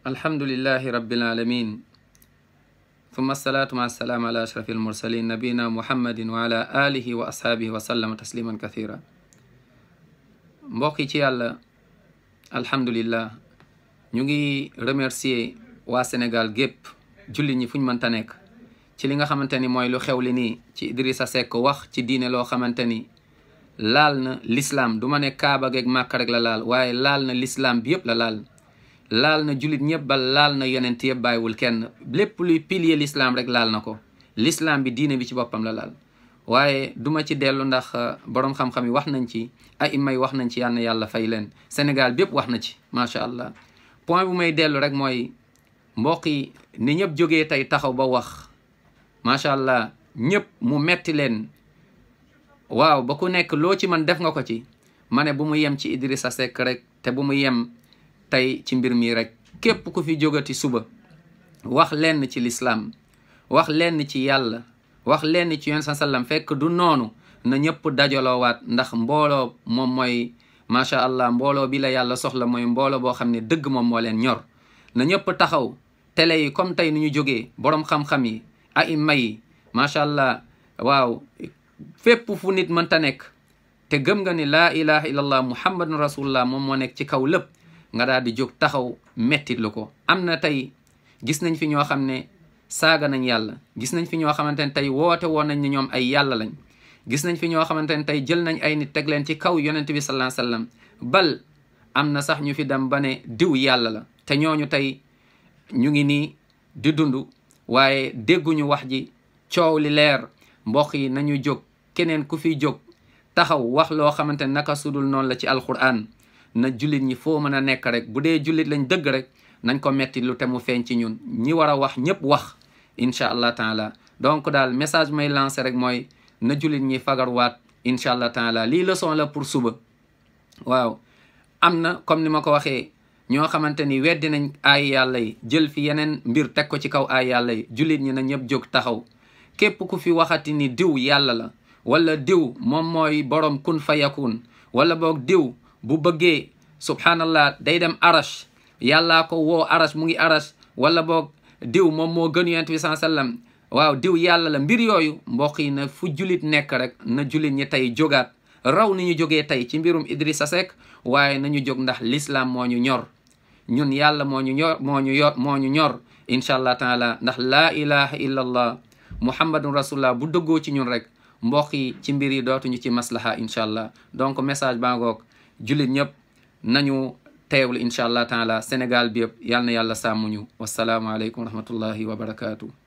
alhamdulillahi rabbil alamin summa salaatu ma salaam ala ashrafil mursalin nabina muhammadin wa ala wa ashaabihi wa yi ci yàlla alhamdulillah ñu ngi remercier waa Sénégal gépp julli ñi fuñ ñu mënta nekk ci li nga xamante ni mooy lu xew li nii ci Idrissa Seck wax ci diine loo xamante ni laal na l'islam du ma ne Kaaba geeg Màkka rek la laal waaye laal na l'islam bi yëpp la laal laal na julit ñëpp ba laal na yenent yëpp bàyyiwul kenn lépp luy pilier lislaam rek laal na ko lislaam bi diine bi ci boppam la laal waaye duma ci dellu ndax euh, boroom xam-xam yi wax nañ ci ay may wax nañ ci yal yàlla fay leen Sénégal bépp wax na ci macha allah point bu may dellu rek mooy mbokk yi ni ñëpp jógee tey taxaw ba wax macha allah ñépp mu metti leen waaw ba ku nekk loo ci man def nga ko ci ma ne bu mu yem ci Idrissa Seck rek te bu mu yem tey ci mbir mi rek képp ku fi jógati suba wax lenn ci lislaam wax lenn ci yàlla wax lenn ci yoon sallam fekk du noonu na ñëpp dajaloowaat ndax mbooloo moom mooy macha allah mbooloo bi la yàlla soxla mooy mbooloo boo xam ne dëgg moom moo leen ñor na ñëpp taxaw télé yi comme tey ni ñu jógee boroom xam-xam yi aima yi macha allah waaw fépp fu nit mënta nekk te gëm nga ni laa ilaha illallah muhammadun rasulullah moom moo nekk ci kaw lépp nga daal di jóg taxaw mettit ko am na tey gis nañ fi ñoo xam ne saaga nañ yàlla gis nañ fi ñoo xamante ne tey woote woon nañ ne ñoom ay yàlla lañ gis nañ fi ñoo xamante ne tey jël nañ ay nit teg leen ci kaw yonent bi sallallahu alayhi wasallam bal am na sax ñu fi dem ba ne diw yàlla la te ñooñu tey ñu ngi nii di dund waaye dégguñu wax ji coow li leer mbokk yi nañu jóg keneen ku fi jóg taxaw wax loo xamante ne naka sudul noonu la ci alquran na julit ñi foo mën a nekk rek bu dee jullit lañ dëgg rek nañ ko metti lu te mu feeñ ci ñun ñi war a wax ñëpp wax incha allah taala donc daal message mooy lancé rek mooy na jullit ñi fagarwaat incha allah taala lii la leçon la pour suba waaw am na comme ni ma ko waxee ñoo xamante ni weddi nañ ay yàlla yi jël fi yeneen mbir teg ko ci kaw ay yàlla yi jullit na ñëpp jóg taxaw képp ku fi waxati ni diw yàlla la wala diw moom mooy borom kun fayakun wala boog diw bu bëggee subhanallah day dem arash yàllaa ko woo arash mu ngi arash wala boog diw moom moo gën yonent bi saa sallam waaw diw yàlla la mbir yooyu mbokk yi na fu julit nekk rek na julit ñi tey jógaat raw nañu jógee tey ci mbirum Idrissa Seck waaye nañu jóg ndax l'islam moo ñu ñor ñun yàlla moo ñu ñor moo ñu yor moo ñu ñor incha allah taala ndax laa ilaha illa allah muhammadun rasulullah bu dëggoo ci ñun rek mbokk yi ci mbir yi dootuñu ci maslaha incha allah donc message baa ngoog jullit ñëpp nañu teewlu incha allah taala Sénégal bi yëpp yal na yàlla sàmm ñu wasalaamualeykum wa rahmatullahi wa barakaatu.